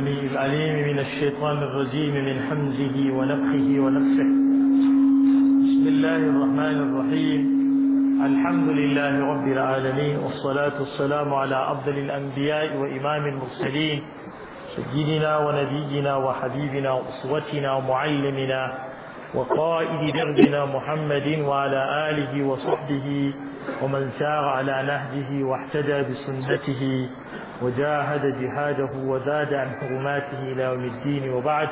السميع العليم من الشيطان الرجيم من حمزه ونفخه ونفسه بسم الله الرحمن الرحيم الحمد لله رب العالمين والصلاة والسلام على أفضل الأنبياء وإمام المرسلين سيدنا ونبينا وحبيبنا وأسوتنا ومعلمنا وقائد دربنا محمد وعلى آله وصحبه ومن سار على نهجه واحتدى بسنته وجاهد جهاده وزاد عن حرماته إلى يوم الدين وبعد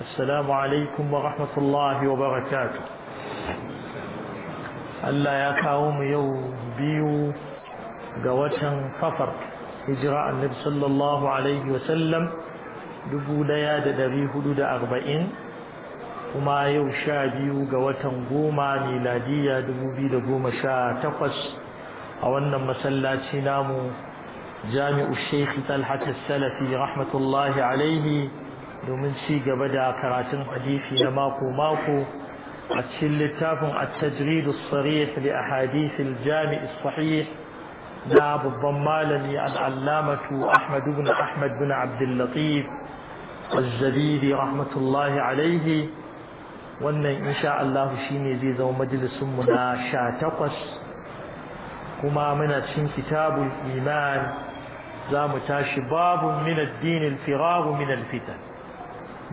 السلام عليكم ورحمة الله وبركاته ألا يا كاوم يوم بيو biyu ga watan النبي صلى الله عليه وسلم دبو dubu دبي da dari kuma yau sha biyu ga watan goma miladiya dubu biyu da goma sha takwas a wannan masallaci namu jami'u sheikh talhat salafi rahmatullahi alaihi domin ci gaba da karatun hadisi na mako mako a cikin littafin at-tajrid as-sarih li ahadith al-jami' sahih na babban malami al-allamatu Ahmad ibn Ahmad bin Abdul Latif الزبيدي رحمة الله عليه wannan insha Allah shine zai zama majalisun mu na 18 kuma muna cikin kitabul iman zamu tashi babun min ad-din al-firar min al-fitan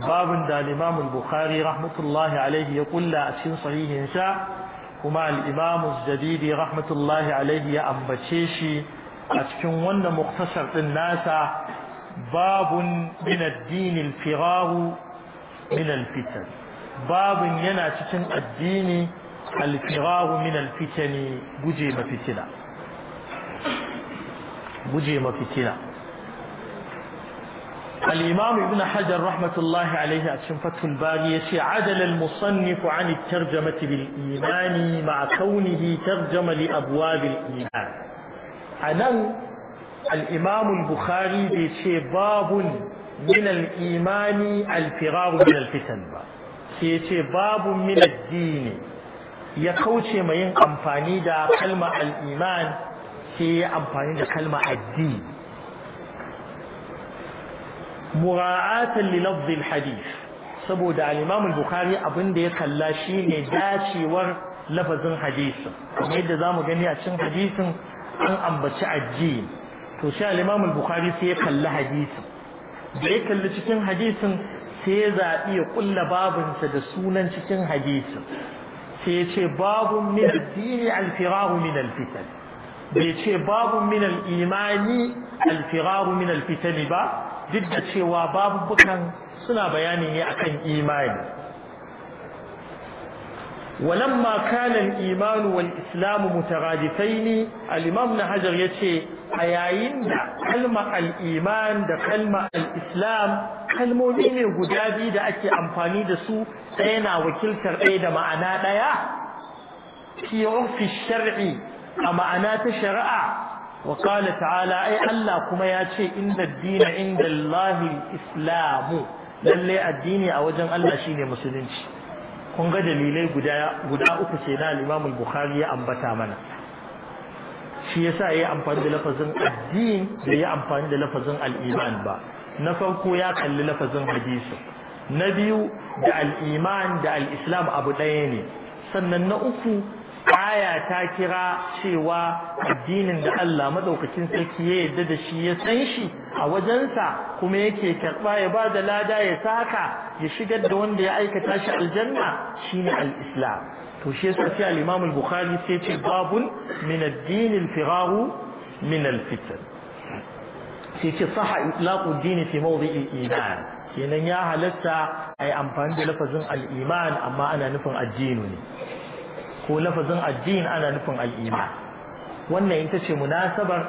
babun da al-imam al-bukhari rahmatullahi alayhi ya kulla a cikin sahihin sa kuma al-imam az-zabidi rahmatullahi alayhi ya ambace shi a cikin wannan muktasar din nasa babun min ad-din al-firar min al-fitan باب ينا تشن الدين الفراغ من الفتن بجي ما fitina بجي ما fitina الإمام ابن حجر رحمة الله عليه أتشن فتح الباري عدل المصنف عن الترجمة بالإيمان مع كونه ترجم لأبواب الإيمان أنا الإمام البخاري بيشي باب من الإيمان الفراغ من الفتن باب sai ya ce babu minaddini ya kauce ma yin amfani da kalma al sai ya amfani da kalma addini mura'atan li lafzi hadith saboda al bukari bukhari abin da ya kalla shine dacewar lafazin hadisin kamar yadda zamu gani a cikin hadisin an ambaci addini to sai al bukari bukhari sai ya kalla hadisin da ya kalli cikin hadisin sai ya zaɓi ya ƙulla babinsa da sunan cikin hadisin sai ya ce babun min addini alfirahu min alfitan bai ce babun min al'imani alfirahu min alfitani ba duk da cewa babubukan suna bayani ne akan imani ولما كان الإيمان والإسلام مترادفين الإمام نهجر يتي أيين دا كلمة الإيمان دا كلمة الإسلام kalmomi ne guda biyu da ake amfani da su ɗaya na wakiltar ɗaya da ma'ana ɗaya fi urfi shar'i a ma'ana ta shari'a wa qala ta'ala ai Allah kuma ya ce inda dina inda Allah islamu lalle addini a wajen Allah shine musulunci kun ga dalilai guda guda uku ce na Imam Bukhari ya ambata mana shi yasa yayi amfani da lafazin addini da ya amfani da lafazin al-iman ba na farko ya kalli lafazin hadisi na biyu da al'iman da al'islam abu ɗaya ne sannan na uku aya ta kira cewa addinin da Allah maɗaukacin sarki ya yarda da shi ya san shi a wajensa kuma yake karɓa ya ba da lada ya saka ya shigar da wanda ya aikata shi aljanna shine al-islam to shi yasa sai al-imam al-bukhari sai ce babun min ad-din al-firaru min al-fitan sai ce saha itlaqu fi mawdi'i iman kenan ya halatta yi amfani da lafazin al amma ana nufin addini ne ko lafazin addini ana nufin al wannan ita ce munasabar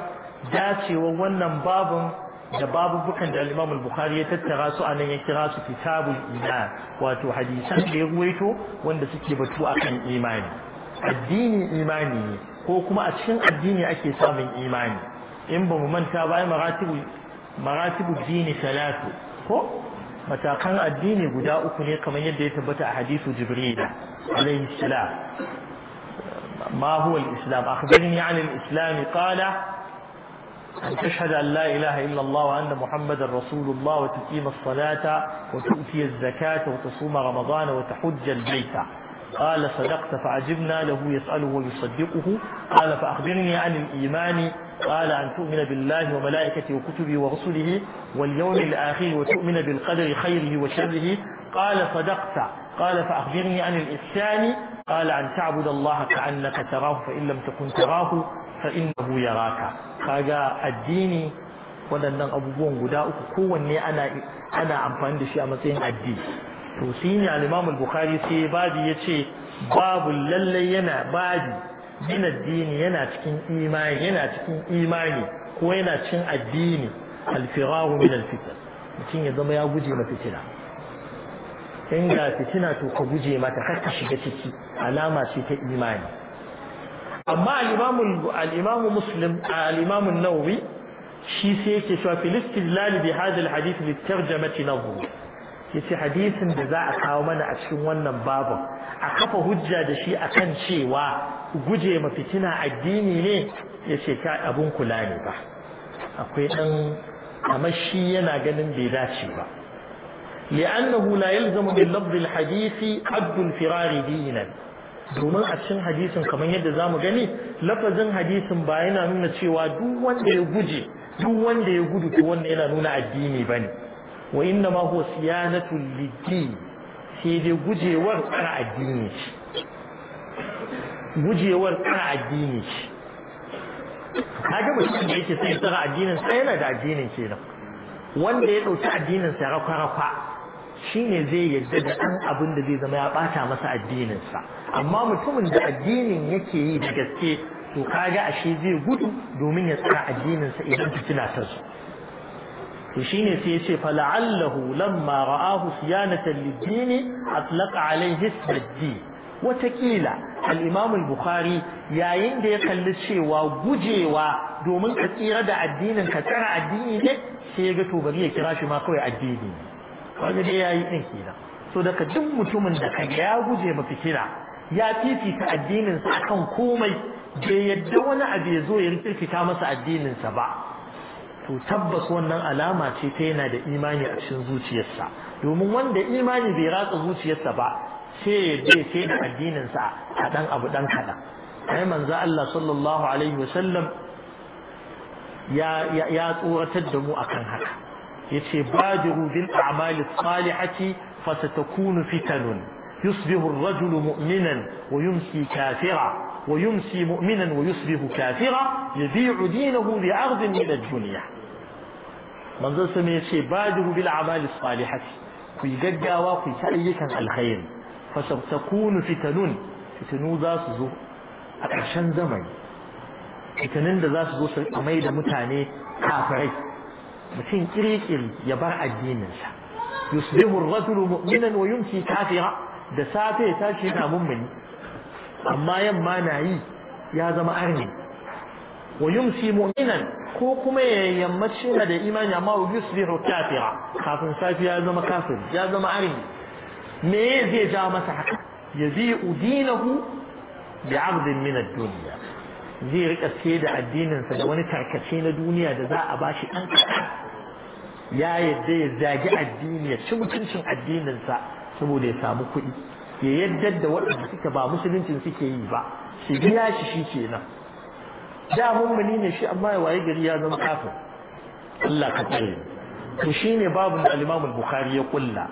dacewar wannan babun da babubukan da al al-Bukhari ya tattara su a nan ya kira su kitabul iman wato hadisan da ya ruwaito wanda suke batu akan imani addini imani ne ko kuma a cikin addini ake samun imani in ba mu manta ba maratibu maratibu dini salatu ko matakan addini guda uku ne kamar yadda ya tabbata a hadisu jibril alayhi salam ma huwa ما هو الإسلام أخبرني عن الإسلام قال أن تشهد أن لا إله إلا الله وأن محمد رسول الله وتقيم الصلاة وتؤتي الزكاة وتصوم رمضان وتحج البيت قال صدقت فعجبنا له يسأله ويصدقه قال فأخبرني عن الإيمان قال أن تؤمن بالله وملائكته وكتبه ورسله واليوم الآخر وتؤمن بالقدر خيره وشره قال صدقت قال فأخبرني عن الإحسان قال أن تعبد الله كأنك تراه فإن لم تكن تراه فإنه يراك kaga addini waɗannan abubuwan guda uku kowanne ana ana amfani da shi a matsayin addini to shi ne al-Imam bukhari sai babu ce babu lallai yana babu min addini yana cikin imani yana cikin imani ko yana cikin addini al-firaru min al-fitn mutum ya zama ya guje ma fitina in ga fitina to ka guje mata kar ka shiga ciki alama ce ta imani amma al-Imam al-Imam Muslim al-Imam an-Nawawi shi sai yake cewa filistin lalibi hadal hadith bi tarjamati nazr yace hadisin da za a kawo mana a cikin wannan babu a kafa hujja da shi akan cewa guje ma fitina addini ne yace ka abun kula ne ba akwai dan kamar shi yana ganin bai dace ba لأنه لا يلزم من لفظ الحديث عبد الفرار دينا domin a cikin hadisin kamar yadda zamu gani lafazin hadisin ba yana nuna cewa duk wanda ya guje duk wanda ya gudu to wannan yana nuna addini bane wa inna ma huwa siyanatul lidin sai dai gujewar kara addini shi gujewar kara addini shi kaga mutum da yake sai tsara addinin sa yana da addinin kenan wanda ya dauki addinin sa rafa rafa shine zai yarda da ɗan abin da zai zama ya ɓata masa addinin sa amma mutumin da addinin yake yi da gaske to kaga ashe zai gudu domin ya tsara addinin sa idan fitina ta zo to shine sai yace fala'allahu lamma ra'ahu siyanatan lid-din atlaqa alayhi ism watakila al-imam al-bukhari yayin da ya kalli cewa gujewa domin ka tsira da addinin ka tsara addini ne sai ya ga to bari ya kira shi ma kawai addini kaga dai yayi din kenan so daga duk mutumin da kaga ya guje ma fikira ya fifita addinin sa akan komai bai yadda wani abu ya zo ya rikirkita masa addinin sa ba to tabbas wannan alama ce ta yana da imani a cikin zuciyarsa domin wanda imani bai ratsa zuciyarsa ba sai ya je sai da addinin sa a dan abu dan kada ai manzo Allah sallallahu alaihi wasallam ya ya tsoratar da mu akan haka yace bajiru bil a'mali salihati fitanun فستكون فتن يصبح الرجل wa yumsi كافرا ويمسي مؤمنا ويصبح كافرا يبيع دينه بعرض من الدنيا manzon sa ne yace badiru bil a'mali salihati ku gaggawa ku ta ayyukan alkhairi fa sabtakunu fitanun fitanu za su zo a ƙarshen zamani fitanun da za su zo su mai da mutane kafirai mutum kirkir ya bar addininsa yusbihu ar-rajulu mu'minan wa yumsi kafira da safe ya tashi yana mummuni amma yamma na yi ya zama arni wa yumsi mu'minan ko kuma ya yammaci yana da imani amma wa yusbihu kafira kafin safiya ya zama kafir ya zama arin me zai ja masa haka yabi'u dinahu bi'ardin min ad-dunya zai rika sai da sa da wani tarkace na duniya da za a bashi ɗan ya yadda ya zagi addini ya ci mutuncin addininsa saboda ya samu kuɗi ya yadda da waɗanda suka ba musuluncin suke yi ba shi biya shi shi kenan da mummuni ne shi amma ya waye gari ya zama kafin Allah ka tsare to shine babun da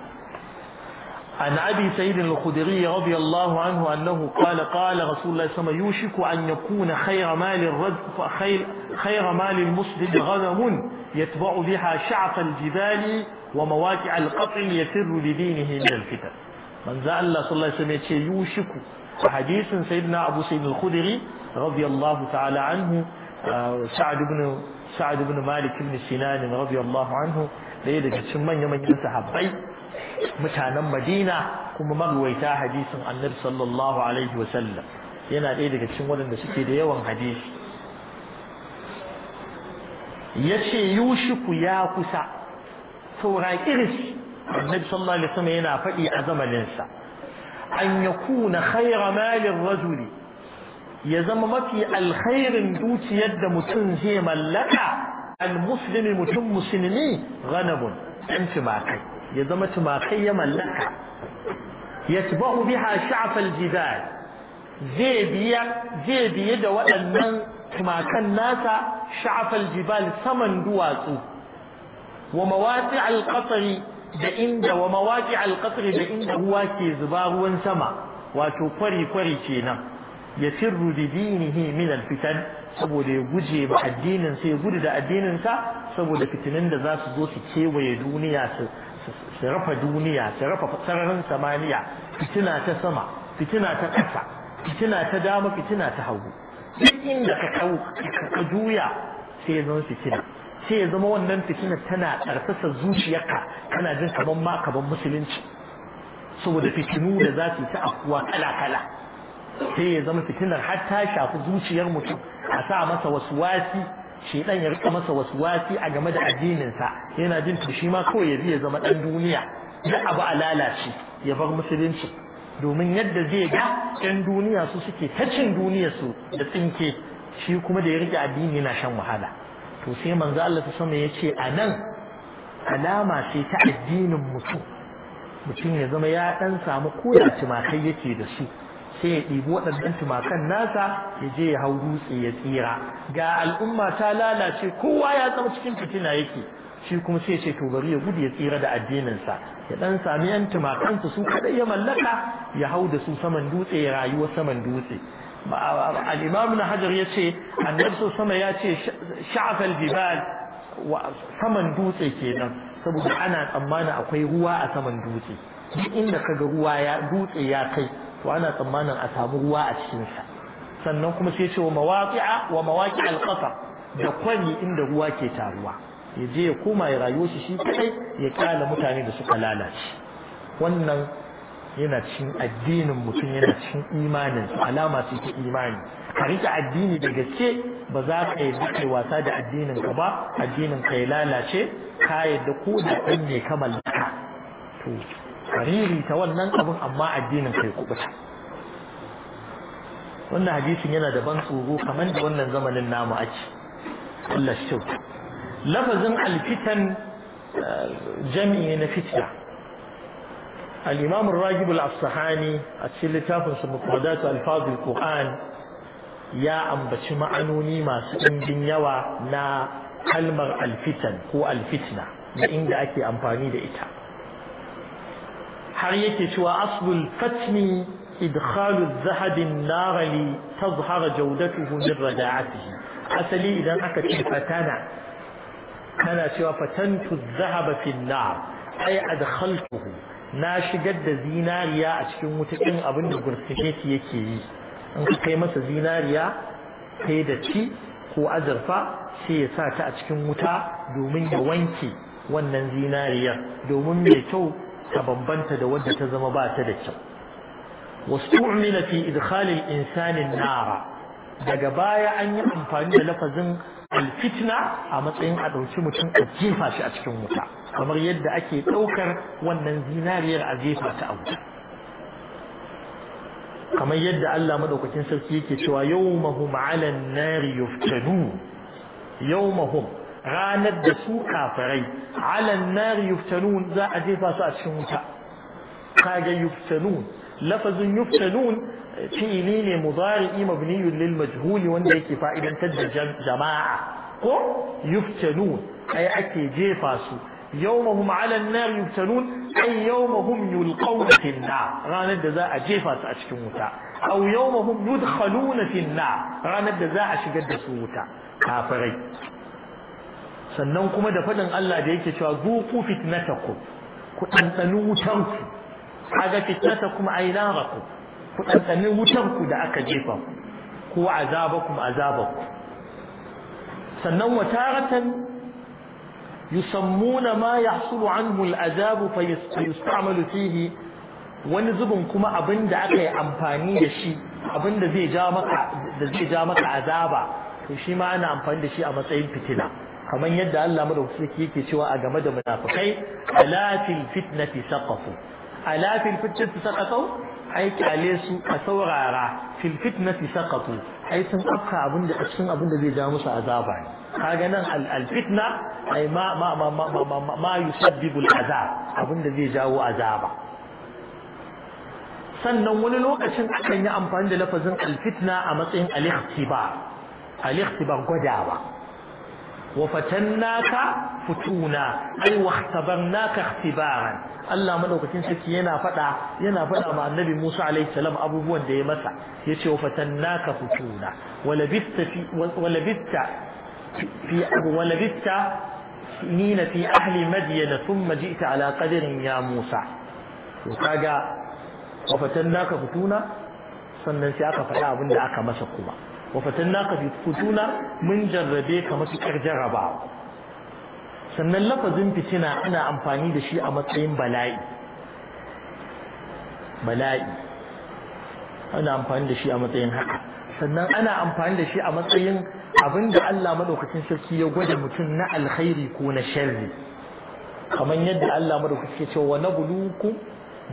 عن أبي سيد الخدري رضي الله عنه أنه قال قال رسول الله صلى الله عليه وسلم يوشك أن يكون خير مال الرجل خير, خير مال المسلم غنم يتبع بها شعف الجبال ومواقع القطع يسر لدينه من الفتن من ذا الله صلى الله عليه وسلم يوشك وحديث سيدنا أبو سيد الخدري radiyallahu ta'ala anhu uh, sa'ad ibn sa'ad ibn malik ibn sinan anhu ɗaya daga cikin manyan manyan sahabbai mutanen madina kuma magwaita hadisin annabi sallallahu alaihi wa sallam yana ɗaya daga cikin waɗanda suke da yawan hadisi ya ce yushiku ya kusa saura iris annabi sallallahu alaihi wasallam yana faɗi a zamaninsa an yakuna khayra malin rajuli ya zama mafi alkhairin dukiyar da mutum zai mallaka al-muslimi mutum musulmi ghanabun ɗan tumakai ya zama tumakai ya mallaka yatba'u biha sha'f al-jibal zai biya zai biye da waɗannan tumakan nasa sha'f al-jibal saman duwatsu wa mawaqi' al-qatri da inda wa mawaqi' al-qatri da inda ruwa ke zuba ruwan sama wato kwari kwari kenan Ya da بدينه من fitan saboda ya guje ba addinin ya gudu da addinin sa saboda fitinin da za su zo su kewaye duniya su rafa duniya su rafa sararin samaniya fitina ta sama fitina ta ƙasa fitina ta dama fitina ta hagu duk inda ka kau ka juya sai ya zama fitina sai ya zama wannan fitina tana ƙarfasa zuciyarka kana jin kaman ma kaman musulunci saboda fitinu da za su yi ta afuwa kala kala sai ya zama fitinar har ta shafi zuciyar mutum a sa masa wasu wasi shedan ya rika masa wasu wasi a game da addininsa yana jin to shi ma kawai ya ya zama dan duniya da abu a lalace ya bar musulunci domin yadda zai ga yan duniya su suke ta cin duniya su da tsinke shi kuma da ya rike addini yana shan wahala to sai manzo Allah ta sama ya ce anan alama sai ta addinin mutum mutum ya zama ya dan samu koyaci cimakai yake da su sai ya ɗibi waɗannan tumakan nasa ya je ya hau dutse ya tsira ga al'umma ta lalace kowa ya zama cikin fitina yake shi kuma sai ce to bari ya gudu ya tsira da addininsa ya ɗan sami yan tumakansa su kadai ya mallaka ya hau da su saman dutse ya rayuwa saman dutse al-imam na hajar ya ce annabi sama ya ce sha'afal jibal wa saman dutse kenan saboda ana tsammanin akwai ruwa a saman dutse duk inda kaga ruwa ya dutse ya kai to ana tsammanin a samu ruwa a cikinsa sannan kuma sai ce wa mawaƙi'a wa da kwari inda ruwa ke taruwa ya je ya koma ya rayuwa shi shi kadai ya kyala mutane da suka lalace wannan yana cikin addinin mutum yana cikin imanin alama ce ta imani ka addini da gaske ba za ka yi kai wasa da addinin ka ba addinin ka ya lalace ka yadda ko da ɗan ne ka mallaka kariri ta wannan abin amma addinin kai kubuta wannan hadisin yana da ban tsoro kamar da wannan zamanin namu ake Allah shi lafazin alfitan eh, jami'i na fitna al-imam ar-ragib al-asfahani a cikin littafin sa mufradat al-fadl quran ya ambaci ma'anoni masu ɗimbin yawa na kalmar alfitan ko alfitna da inda ake amfani da ita har yake cewa aslul fatmi idkhalu zahabin narali tazhara jaudatuhu min rada'atihi asali idan aka ce fatana kana cewa fatantu zahaba fi nar ai adkhaltuhu na shigar da zinariya a cikin wuta in abin da gurfineti yake yi in ka kai masa zinariya kai da ci ko azurfa sai ya sa ta a cikin wuta domin ya wanke wannan zinariyar domin mai kyau ta bambanta da wadda ta zama ba ta da kyau wastu'mila fi idkhal al-insani an-nar daga baya an yi amfani da lafazin al a matsayin a ɗauki mutum a jefa shi a cikin wuta kamar yadda ake ɗaukar wannan zinariyar a jefa ta a kamar yadda Allah maɗaukacin sarki yake cewa yawmahum 'ala an-nar yuftanun yawmahum ranar da su kafirai alan nari yuftanun za a jefa su a cikin wuta kaga yuftanun lafazin yuftanun fi'ili ne mudari'i mabniyun lil majhuli wanda yake fa'idantar da jama'a ko yuftanun ai ake jefa su يومهم على النار يفتنون أي يومهم يلقون في النار غاند ذا أجيفة أشكموتا أو يومهم يدخلون في النار غاند ذا أشجد سوتا كافري sannan kuma da faɗin Allah da yake cewa zuku fitnatakum ku ɗanɗani wutan kaga fitnatakum ay ku ɗanɗani wutan da aka jefa ku ko azabakum azabaku. sannan wa taratan yusammuna ma yahsulu anhu al'azabu fa yusta'malu fihi wani zubin kuma abin da aka yi amfani da shi abin da zai ja maka ja maka azaba to shi ma ana amfani da shi a matsayin fitila kamar yadda Allah madaukaki yake cewa a game da munafikai ala fil fitnati saqafu ala fil fitnati saqafu ai kyale su a saurara fil fitnati saqatu ai sun afka abin da cikin abin da zai ja musu azaba ne kaga nan al fitna ai ma ma ma ma ma ma, ma yusabbibu al azab abin da zai jawo azaba sannan wani lokacin akan yi amfani da lafazin al fitna a matsayin al ikhtibar al ikhtibar gwadawa wafatannaka futuna ai wahtabannaka ihtibaran Allah madaukakin saki yana fada wa annabi Musa alaihi abubuwan da ya masa yace wafatannaka futuna walabitta fi walabitta fi walabitta nina fi ahli madyan thumma ji'ta ala qadrin ya Musa to kaga wafatannaka futuna sannan sai aka faɗa abun da aka masa kuma wa fatannaka bi futuna mun jarrabe ka matuƙar jarrabawa sannan lafazin fitina ana amfani da shi a matsayin bala'i bala'i ana amfani da shi a matsayin haka sannan ana amfani da shi a matsayin abinda Allah madaukakin sarki ya gwada mutum na alkhairi ko na sharri kamar yadda Allah madaukaki ya ce wa nabluukum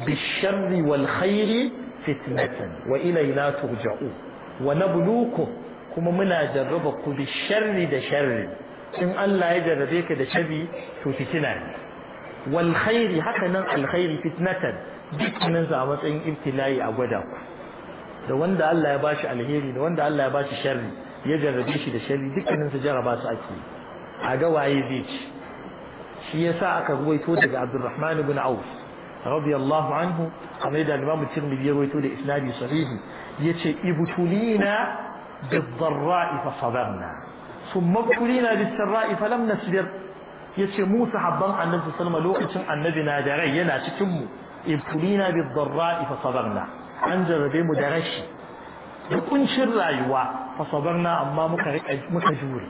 bisharri wal khairi fitnatan wa ilayna turja'u? wa nabluku kuma muna jarraba ku bi sharri da sharri in Allah ya jarrabe ka da sharri to fitina ne wal khairi haka nan alkhairi fitnatan dukkanin a matsayin ibtila'i a gwada ku da wanda Allah ya bashi alheri da wanda Allah ya bashi sharri ya jarrabe shi da sharri dukkanin su jarraba su ake a ga waye zai ci shi yasa aka ruwaito daga Abdurrahman ibn Auf radiyallahu anhu kamar da Imam Tirmidhi ya ruwaito da isnadi sahihi yace ibtulina bidarra'i fa sabarna thumma ibtulina bisarra'i fa lam nasbir yace mu sahabban annabi sallallahu alaihi lokacin annabi na da rai yana cikin mu ibtulina bidarra'i fa sabarna an jarrabe mu da rashi da kuncin rayuwa fa sabarna amma muka muka jure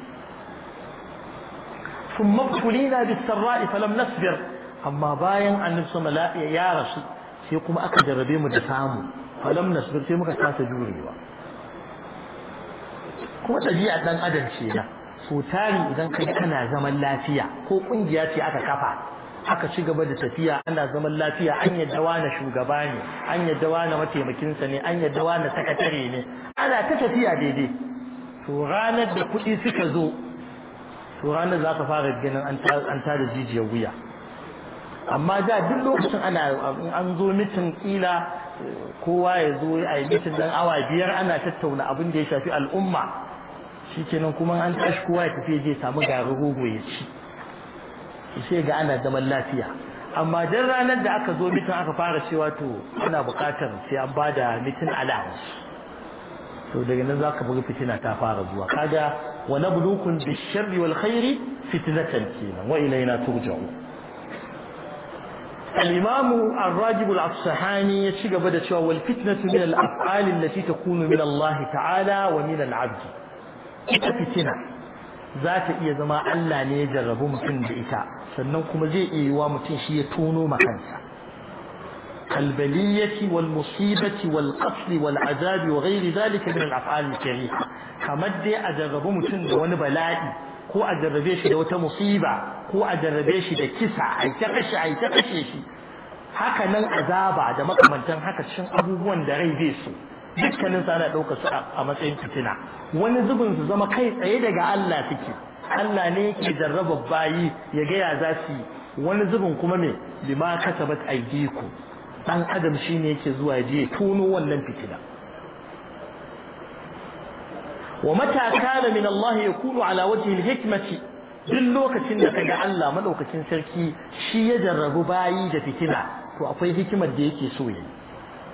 thumma ibtulina bisarra'i fa lam nasbir amma bayan annabi sallallahu alaihi ya rasu sai kuma aka jarrabe mu da samu falam sun sai muka kasa jurewa kuma a dan adam ce na so tari idan kai kana zaman lafiya ko kungiya ce aka kafa aka ci gaba da tafiya ana zaman lafiya an yadda wani shugaba ne an yadda wani mataimakinsa ne an yadda wani sakatare ne ana ta tafiya daidai to ranar da kuɗi suka zo to ranar za ka fara ganin an tada jijiyar wuya amma da duk lokacin ana an zo mitin kila kowa ya zo a yi mitin ɗan awa biyar ana tattauna abin da ya shafi al'umma shi kenan kuma an tashi kowa ya tafi je samu garin rogo ya ci sai ga ana zaman lafiya amma dan ranar da aka zo mitin aka fara cewa to ana buƙatar sai an ba da mitin alamus to daga nan za ka buga fitina ta fara zuwa kaga wa bulukun bish-sharri wal khairi fitnatan kenan wa ilayna turja'un الإمام الراجب الأصحاني يشيق بدأ شوى والفتنة من الأفعال التي تكون من الله تعالى ومن العبد فتنة ذات إيه زما ألا نيجرب مكن بإتاء سننكم زي إيه ومتن شيء تونو مكانسا كالبلية والمصيبة والقتل والعذاب وغير ذلك من الأفعال الكريهة كمدي أجرب متن دون بلائي ko a jarrabe shi da wata musiba ko a jarrabe shi da kisa a ita kashe a kashe shi haka nan azaba da makamantan haka cikin abubuwan da rai zai so dukkanin sa ana ɗaukar su a matsayin fitina wani zubin su zama kai tsaye daga Allah suke Allah ne yake jarraba bayi ya gaya ya za su yi. wani zubin kuma me bima kasabat aydiku dan adam shi ne yake zuwa je tono wannan fitina wa mata kana min Allah yakunu ala wajhi al-hikmati duk lokacin da kaga Allah madaukakin sarki shi ya jarrabu bayi da fitina to akwai hikimar da yake so yi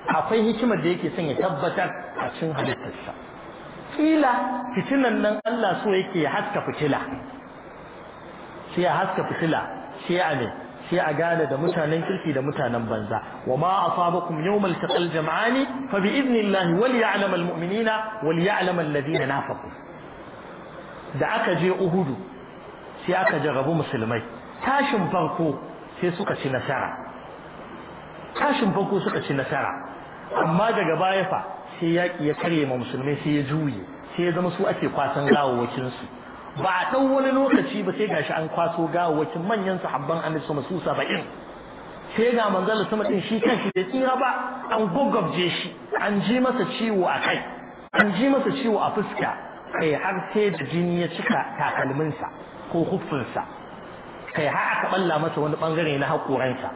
akwai hikimar da yake son ya tabbatar a cikin halittarsa kila fitinan nan Allah so yake ya haska fitila sai ya haska fitila sai ya ne sai a gane da mutanen kirki da mutanen banza wa ma asabakum yawmal taqal jam'ani fa bi idnillahi wal ya'lam al mu'minina wal ya'lam alladhina nafaqu da aka je uhudu sai aka jarabu musulmai tashin farko sai suka ci nasara tashin farko suka ci nasara amma daga baya fa sai yaƙi ya karye ma musulmai sai ya juye sai ya zama su ake kwasan gawawwakin su ba a ɗau wani lokaci ba sai gashi an kwaso gawawwakin manyan sahabban annabi su saba'in sai ga manzon sama din shi kanshi bai tsira ba an gogobje shi an ji masa ciwo a kai an ji masa ciwo a fuska kai har sai da jini ya cika takalminsa ko huffinsa kai har aka balla masa wani bangare na haƙoransa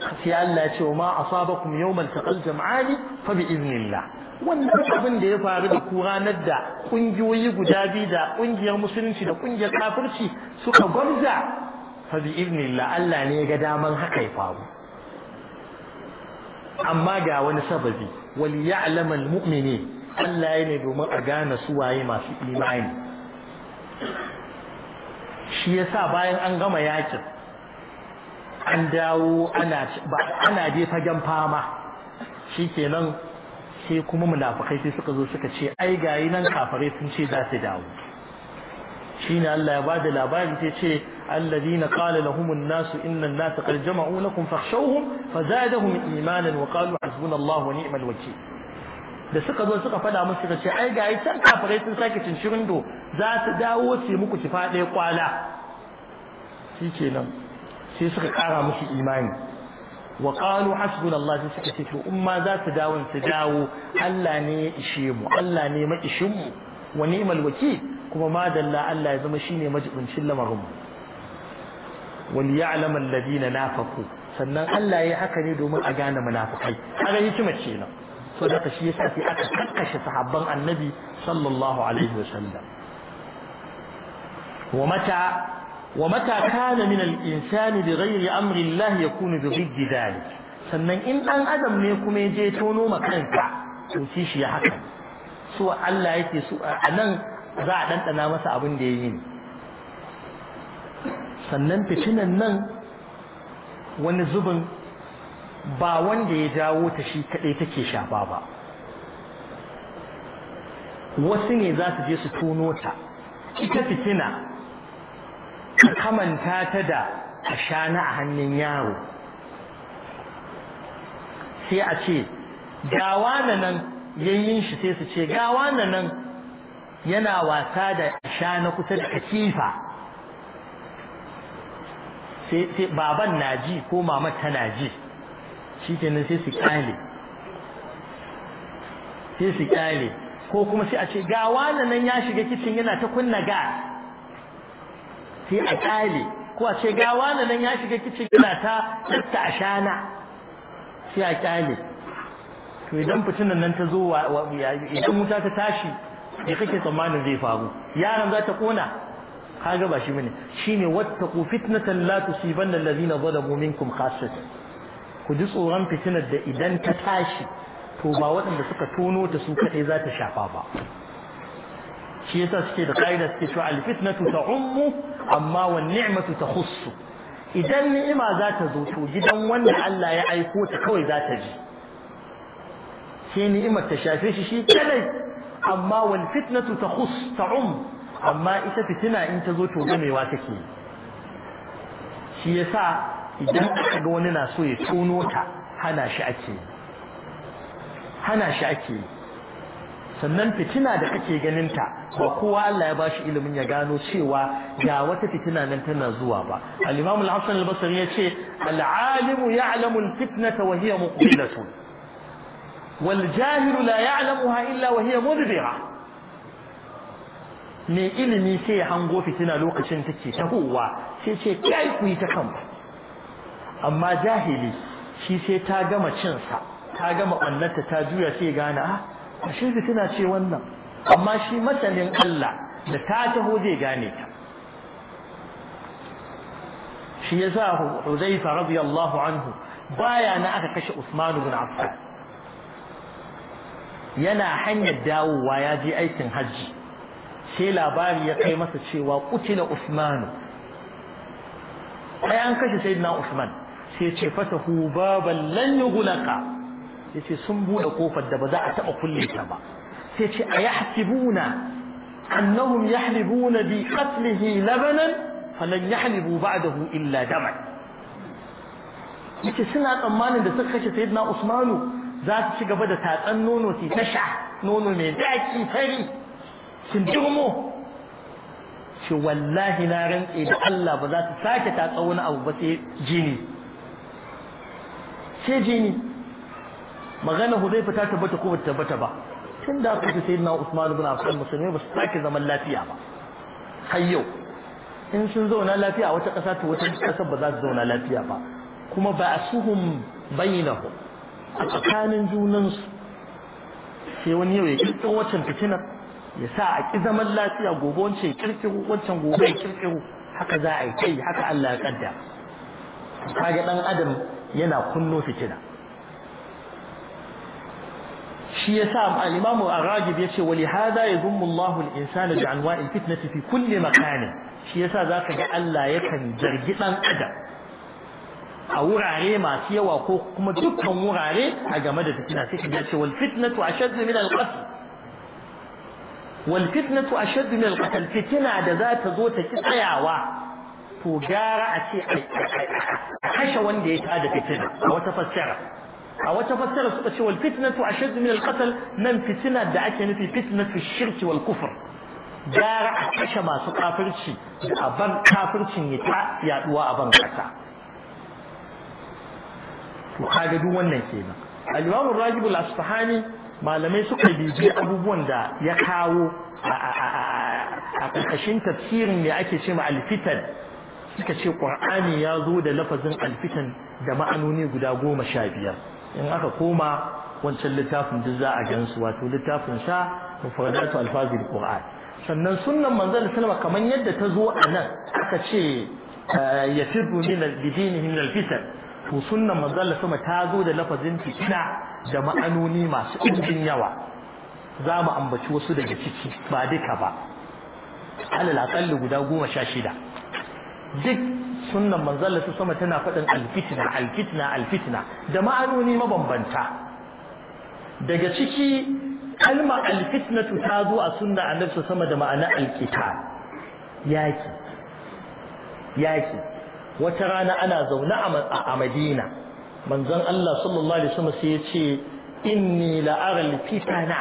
sai Allah ya ce wa ma asabakum yawmal taqal jam'ani fa bi iznillah wannan abin da ya faru da ku ranar da kungiyoyi guda biyu da kungiyar musulunci da kungiyar kafirci suka gwamza fa bi iznillah Allah ne ya ga daman haka ya faru amma ga wani sababi wal ya'lam al mu'mini Allah ya ne domin a gane su waye masu imani shi yasa bayan an gama yakin an dawo ana je fagen fama shi kenan sai kuma munafukai sai suka zo suka ce ai gayi nan kafare sun ce za su dawo ne Allah ya bada labari ta ce na qala lahum nasu nas inna karje ma'unakun qad fa za fakhshawhum fazadahum imanin wa qalu hasbunallahu wani iman wakeel da suka zo suka fada musu suka ce ai gayi can kafare sun sake shirin do za su dawo su muku kifa ɗaya kwala nan sai suka kara musu imani wa qalu hasbunallahu sai suka ce to umma za su dawo su dawo Allah ne ya ishe mu Allah ne ma ishin mu wa ni'mal wakil kuma madalla Allah ya zama shine majibincin lamarin mu wal ya'lam alladhina nafaqu sannan Allah ya haka ne domin a gane munafikai kaga hikima kenan so da shi yasa sai aka kakkashe sahabban annabi sallallahu alaihi wasallam wa mata ومتى كان من الإنسان بغير أمر الله يكون بضد ذلك sannan in ɗan adam ne kuma ya je tono ma kanka to shi shi ya haka su Allah yake su a nan za a ɗanɗana masa abin da ya yi ne sannan fitinan nan wani zubin ba wanda ya jawo ta shi kaɗai take shafa ba wasu ne za su je su tono ta ita fitina ka kamanta ta da ashana a hannun yaro sai a ce gawa na nan yayin shi sai su ce gawa na nan yana wasa da ashana kusa da kifa. sai baban na ji ko mama tana ji shi kenan sai su kyale sai su kyale ko kuma sai a ce gawa na nan ya shiga kicin yana ta kunna gas sai a kyale ko a ce ga wani nan ya shiga kici yana ta tsafta a shana sai a kyale to idan fitinan nan ta zo idan wuta ta tashi da kake tsammanin zai faru yaran za ta kona kaga ba shi bane shine wattaqu fitnatan la tusibanna allazina zalamu minkum khassatan ku ji tsoron fitinar da idan ta tashi to ba waɗanda suka tono ta su kaɗai za ta shafa ba shi yasa suke da ka'ida suke cewa alfitnatu ummu amma wan ni'matu takhussu idan ni'ima za ta zo to gidan wanda Allah ya aiko ta kawai za ta ji sai ni'imar ta shafe shi shi kadai amma ta fitnatu ta ta'um amma ita fitina in ta zo to gamewa take shi yasa idan aka ga wani na so ya tono ta hana shi ake hana shi ake yi sannan fitina da kake ganin ta ba kowa Allah ya bashi ilimin ya gano cewa ga wata fitina nan tana zuwa ba al-Imam al-Hasan al-Basri yace al-alimu ya'lamu al-fitnata wa hiya muqbilatun wal jahilu la ya'lamuha illa wa hiya mudbira me ilimi sai hango fitina lokacin take tahowa sai ce kai ku yi ta kanku amma jahili shi sai ta gama cinsa ta gama ɓannarta ta juya sai gane a ah, shi da suna ce wannan amma shi masanin Allah da ta taho zai gane ta shi ya yasa huzaifa radiyallahu anhu baya na aka kashe Usman ibn Affan yana hanyar dawowa ya je aikin hajji sai labari ya kai masa cewa kutila Usman sai an kashe sayyidina Usman sai ce fatahu baban lan yughlaqa yace sun bude kofar da ba za a taba kulle ta ba sai ce ayahsibuna annahum yahlibuna bi qatlihi labanan falan yahlibu ba'dahu illa daman yace suna tsammanin da suka kashe sayyidina usmanu za su ci gaba da tatsan nono su ta sha nono mai daki fari sun dirmo ce wallahi na rantse da Allah ba za su sake tatsa wani abu ba sai jini sai jini Maganar hudayfa ta tabbata ko bata tabbata ba tun da aka ce sayyidina usman ibn affan musulmi ba su sake zaman lafiya ba har yau in sun zauna lafiya a wata ƙasa to wata ƙasar ba za su zauna lafiya ba kuma ba a suhun bainahu a tsakanin junansu sai wani yau ya kirkiro wancan fitinar ya sa a ƙi zaman lafiya gobe wancan ya kirkiro wancan gobe ya kirkiro haka za a yi kai haka Allah ya kaddara kaga dan adam yana kunno fitina shi yasa al-Imam Ar-Ragib yace wa lihada yadhummu Allahu al-insana bi anwa'il fitna fi kulle makan shi ya sa za ka ga Allah ya kan jargi ɗan adam a wurare masu yawa ko kuma dukkan wurare a game da fitina sai ka ce wal fitnatu ashaddu min al-qatl wal fitnatu ashaddu min al fitina da za ta zo ta ki tsayawa to gara a ce a kashe wanda ya tada fitina a wata fassara a wata fassara suka ce wal fitnatu a min al qatl nan fitina da ake nufi fitnatu shirki wal kufr gara a kashe masu kafirci da a ban kafircin ya ta yaduwa a ban kasa to kaga duk wannan kenan al-imam rajib al-asfahani malamai suka bibi abubuwan da ya kawo a ƙarƙashin tafsirin da ake ce ma alfitan suka ce ƙur'ani ya zo da lafazin alfitan da ma'anoni guda goma sha biyar in aka koma wancan littafin duk za a gansu wato littafin sa mufradatu alfazil qur'an sannan sunnan manzon sallama kamar yadda ta zo a nan aka ce eh, yafidu min albidini min alfitan to sunnan manzon sallama ta zo da lafazin fitina da ma'anoni masu injin yawa za mu ambaci wasu daga ciki ba duka ba alal aƙalli guda goma sha shida duk sunnan manzalla ta sama tana faɗin alfitna alfitna alfitna da ma'anoni mabambanta daga ciki kalma alfitnatu ta zo a sunna annabi ta sama da ma'ana alkita yaki yaki wata rana ana zaune a Madina manzon Allah sallallahu alaihi wasallam sai ya ce inni la'ara fitana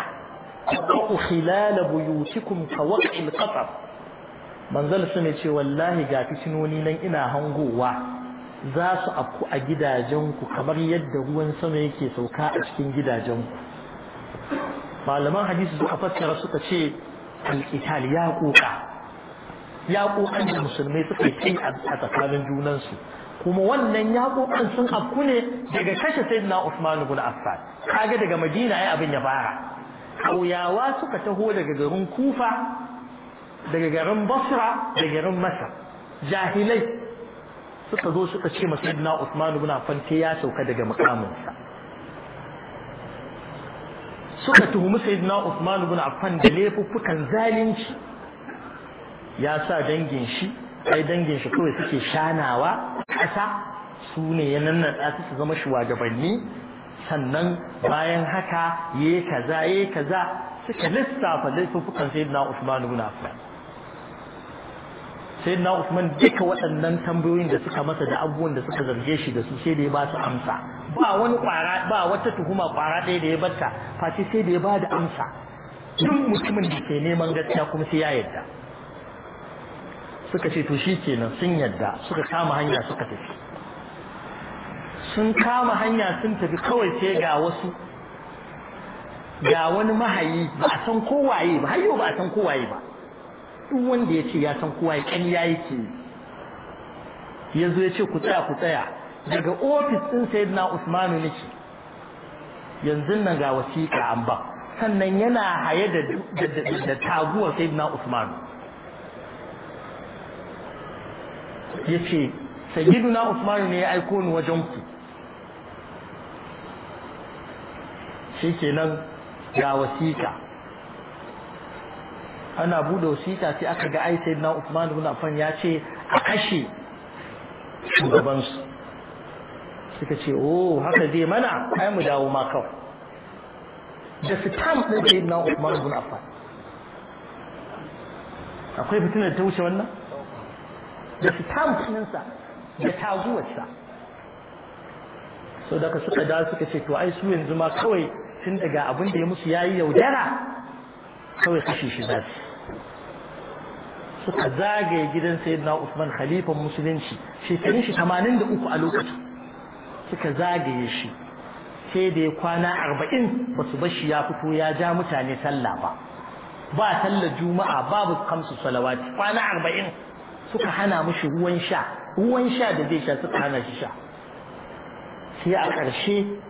taqu khilala buyutikum ka waqti alqatar manzal su ne ce wallahi ga fitinoni nan ina hangowa za su afku a gidajenku kamar yadda ruwan sama yake sauka a cikin gidajenku malaman hadisi suka fassara suka ce alƙital ya ƙoƙa ya da musulmai suka yi a tsakanin junansu kuma wannan ya ƙoƙan sun afku ne daga kashe sayyidina Usman ibn Affan kaga daga Madina ai abin ya fara kauyawa suka taho daga garin Kufa daga garin basra da garin masar jahilai suka zo suka ce masu ibna usman ibn affan ya sauka daga mukaminsa suka tuhumi sayyidina usman ibn affan da laifuffukan zalunci ya sa dangin shi ai dangin shi kawai suke shanawa ƙasa su ne ya nannaɗa su zama shugabanni sannan bayan haka ya kaza ya kaza suka lissafa laifuffukan sayyidina usman ibn affan sai na Usman duka waɗannan tambayoyin da suka masa da abubuwan da suka zarge shi da su sai da ya ba su amsa ba wani kwara ba wata tuhuma kwara ɗaya da ya bata face sai da ya ba da amsa duk mutumin da ke neman gaskiya kuma sai ya yadda suka ce to shi kenan sun yadda suka kama hanya suka tafi sun kama hanya sun tafi kawai sai ga wasu ga wani mahayi ba a san kowaye ba har yau ba a san kowaye ba duk wanda ya ce ya san kowa ya yi yake ya zo ya ce ku tsaya ku tsaya daga ofis ɗin sayyidina usmanu nake yanzu nan ga wasiƙa an ba sannan yana haye da taguwar sayyidina usmanu ya ce sayyidina usmanu ne ya aiko ni wajen ku shi ke nan ga wasiƙa ana buɗe wasiƙa sai aka ga ai na Uthman ibn Affan ya ce a kashe su. suka ce oh haka zai mana ai mu dawo ma kawai da stamp ɗin na Uthman ibn Affan akwai fitinar ta wuce wannan da stamp sa da taguwarsa sau da suka da suka ce to ai su yanzu ma kawai tun daga abin da ya musu yayi yaudara kawai kashe shi za su suka zagaye gidan sayyidina Usman khalifan musulunci shekarun shi 83 a lokacin suka zagaye shi sai da ya kwana arba'in ba su shi ya fito ya ja mutane sallah ba ba sallar juma'a babu kamsu salawati kwana arba'in suka hana mushi ruwan sha ruwan sha da zai sha suka hana shi sha sai a ƙarshe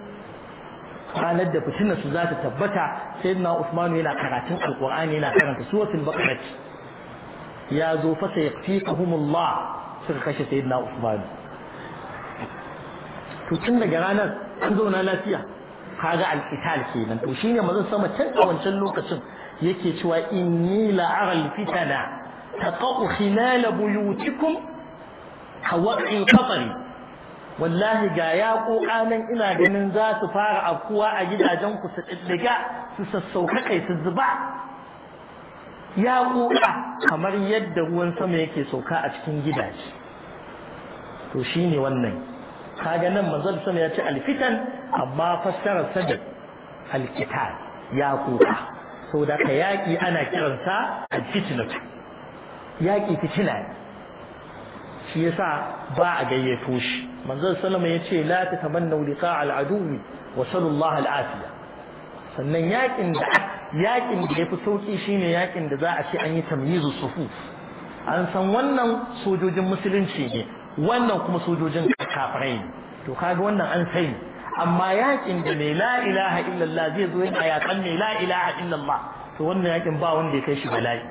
ranar da fitinar su za ta tabbata sayyidina Usman yana karatun alƙur'ani yana karanta suratul baqara ya zo fa sayaqtikahumullah suka kashe sayyidina Usman to tun daga ranar an zauna lafiya kaga alqital kenan to shine manzon sama can a wancan lokacin yake cewa inni la'aral fitana taqa'u khilala buyutikum hawa'i qatari wallahi ga ya ƙoƙanin ina ganin za su fara afkuwa a gidajen ku su ɗiɗɗiga su sassauka kai su zuba ya ƙoƙa kamar yadda ruwan sama yake sauka a cikin gidaje to shi ne wannan kaga nan manzon sama ya ci alfitan amma fassarar sadar da ya ƙoƙa sau yaƙi ka yaƙi ana kiransa alfitinatu. Yaƙi fitina ne shi yasa ba a gayyato shi manzon salama ya ce la ta tamanna liqa al aduwi wa sallallahu al sannan yakin da yakin da fi sauki shine yakin da za a ce an yi tamyizu sufu. an san wannan sojojin musulunci ne wannan kuma sojojin kafirai ne to kaga wannan an sani amma yakin da mai la ilaha illallah zai zo yana yaƙan mai la ilaha illallah to wannan yakin ba wanda ya kai shi bala'i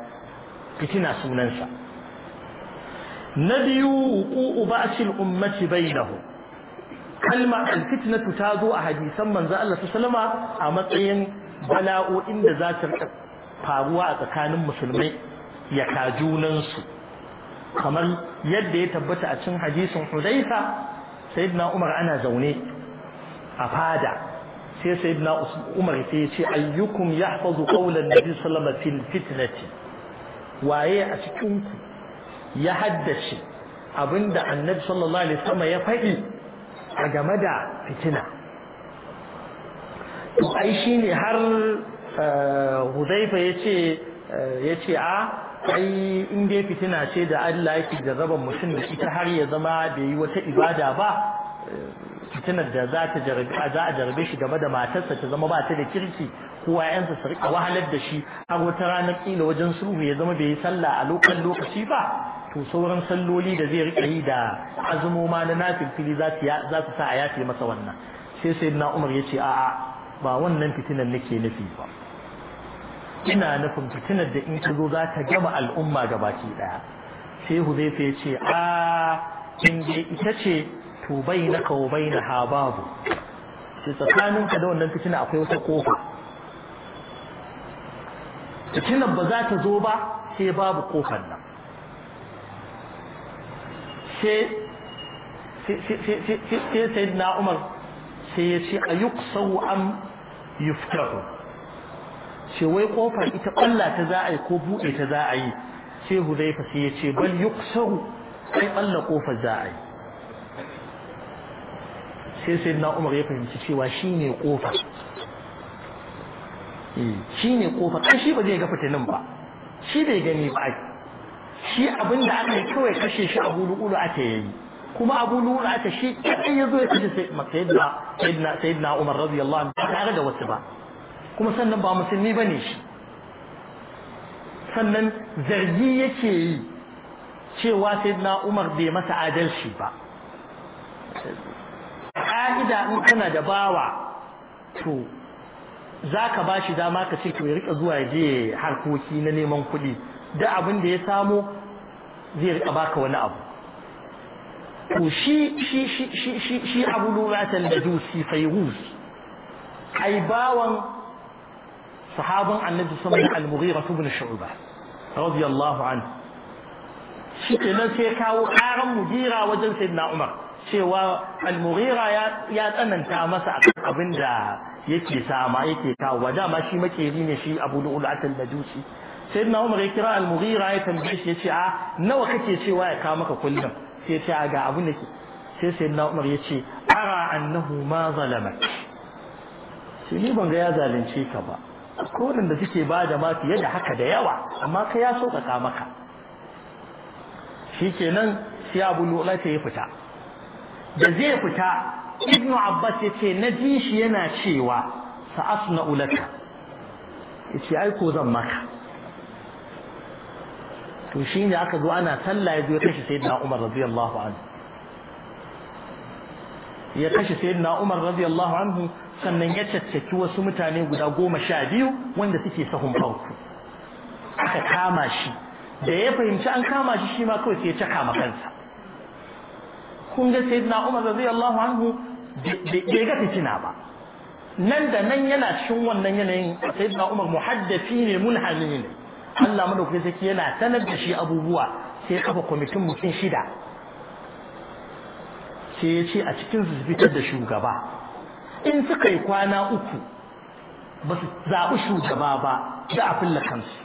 fitina sunansa na biyu wuqu'u bai ummati bainahum kalma alfitnatu ta zo a hadisan manzo Allah salama a matsayin bala'o'in da za ta faruwa a tsakanin musulmai ya junansu. kamar yadda ya tabbata a cin hadisin Hudayfa sayyidina Umar ana zaune a fada sai sayyidina Umar sai ya ce ayyukum yahfazu qawlan nabi sallallahu fil fitnati waye a cikinku? ya haddace abinda annabi sallallahu alaihi wasallam ya faɗi a game da fitina to ai shine har eh, hudaifa yace eh, yace a ai in dai fitina ce da Allah yake jarraban mutum da ita har ya zama bai yi wata ibada ba eh, fitinar da za ta za a jarabe shi game da matarsa ta zama ba ta da kirki ko ƴaƴansa su rika wahalar da shi har wata ranar kila wajen sulhu ya zama bai yi sallah a lokacin lokaci ba to sauran salloli da zai rika yi da azumoma na nafin fili za su sa a yafe masa wannan sai sai na umar ya ce a'a ba wannan fitinan nake nufi ba ina nufin fitinar da in ta zo za ta gama al'umma gabaki daya sai huzaifa ya ce a in dai ita ce to bai na kawo bai na hababu sai tsakaninka da wannan fitina akwai wata kofa fitinar ba za ta zo ba sai babu kofar nan sai sai na umar sai ya ce a yuksau am yuftahu sai wai kofar ita ƙwalla ta za a yi ko buɗe ta za a yi sai huzaifa sai ya ce bal yuksau sai ƙwalla kofar za a yi sai sai na umar ya fahimci cewa shi ne kofar Shi ne kofa kai shi ba zai ga fitinin ba shi bai gani ba shi abinda aka yi kawai kashe shi abu lu'ulu aka yi kuma abu lu'ulu aka shi kai yazo ya kashe sayyidina sayyidina sayyidina Umar radiyallahu anhu ba tare da wasu ba kuma sannan ba musulmi ba ne shi sannan zargi yake yi cewa sayyidina Umar bai masa adalci ba ka'ida in kana da bawa to za ka ba shi dama ka ce to rika zuwa je harkoki na neman kuɗi da abin da ya samu zai rika baka wani abu to shi shi shi shi shi abu lumatan da dusi fayruz ai bawan sahabban annabi sallallahu alaihi wasallam al-mughira ibn shu'bah radiyallahu anhu shi kenan sai kawo karan mugira wajen sayyidina umar cewa almurira ya tsananta masa akan abin da yake sama yake kawo dama shi makeri ne shi abu da majusi sai na umar ya kira almughira ya tambaye shi ya ce a nawa kake cewa ya kawo maka kullum sai ce a ga abu da ke sai sai na umar ya ce ara annahu ma zalama sai ni ban ga ya zalunce ka ba ko da suke ba da ma fiye da haka da yawa amma ka ya sauƙaƙa maka kenan sai abu lu'ulatul ya fita da zai fita Ibn abbas ya ce na ji shi yana cewa asna ulaka ya ce ai ko zan maka to shi ne aka zo ana sallah ya zo ya kashe sayyidina umar radiyallahu anhu ya kashe sayyidina umar radiyallahu anhu sannan ya caccaki wasu mutane guda goma sha biyu wanda suke sahun farko aka kama shi da ya fahimci an kama shi shi ma kawai sai ya caka ma kansa kun ga sayyidina Umar radiyallahu anhu bai ga fitina ba nan da nan yana cikin wannan yanayin sayyidina Umar muhaddafi ne munhami ne Allah madaukakin sarki yana sanar da shi abubuwa sai kafa kwamitin mutum shida sai ya ce a cikin su fitar da shugaba in suka yi kwana uku ba su zaɓi shugaba ba da a fulla kansu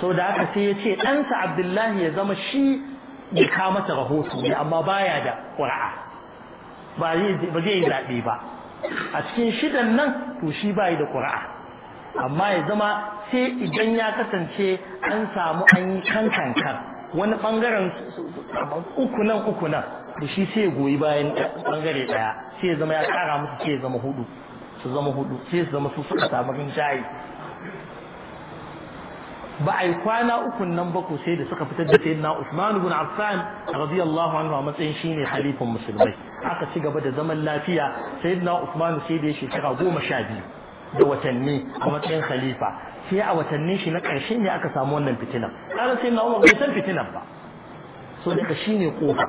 so da haka sai ya ce ɗansa abdullahi ya zama shi ya ka mata rahoto ne amma baya da ƙura'a ba zai yi zaɓe ba a cikin shidan nan to shi ba da ƙura'a amma ya zama sai idan ya kasance an samu an yi kankan wani ɓangaren uku nan uku nan to shi sai goyi bayan ɓangare ɗaya sai ya zama ya ƙara musu sai ya zama hudu su zama hudu sai su zama su suka samu rinjaye ba a yi kwana ukun nan ba sai da suka fitar da sayyidina Usman ibn Affan radiyallahu anhu a matsayin shine halifan musulmai aka ci gaba da zaman lafiya sayyidina Usman sai da ya shekara goma sha biyu da watanni a matsayin khalifa sai a watannin shi na ƙarshe ne aka samu wannan fitinar ƙarar sayyidina Umar bai san fitinar ba so daga shi ne kofa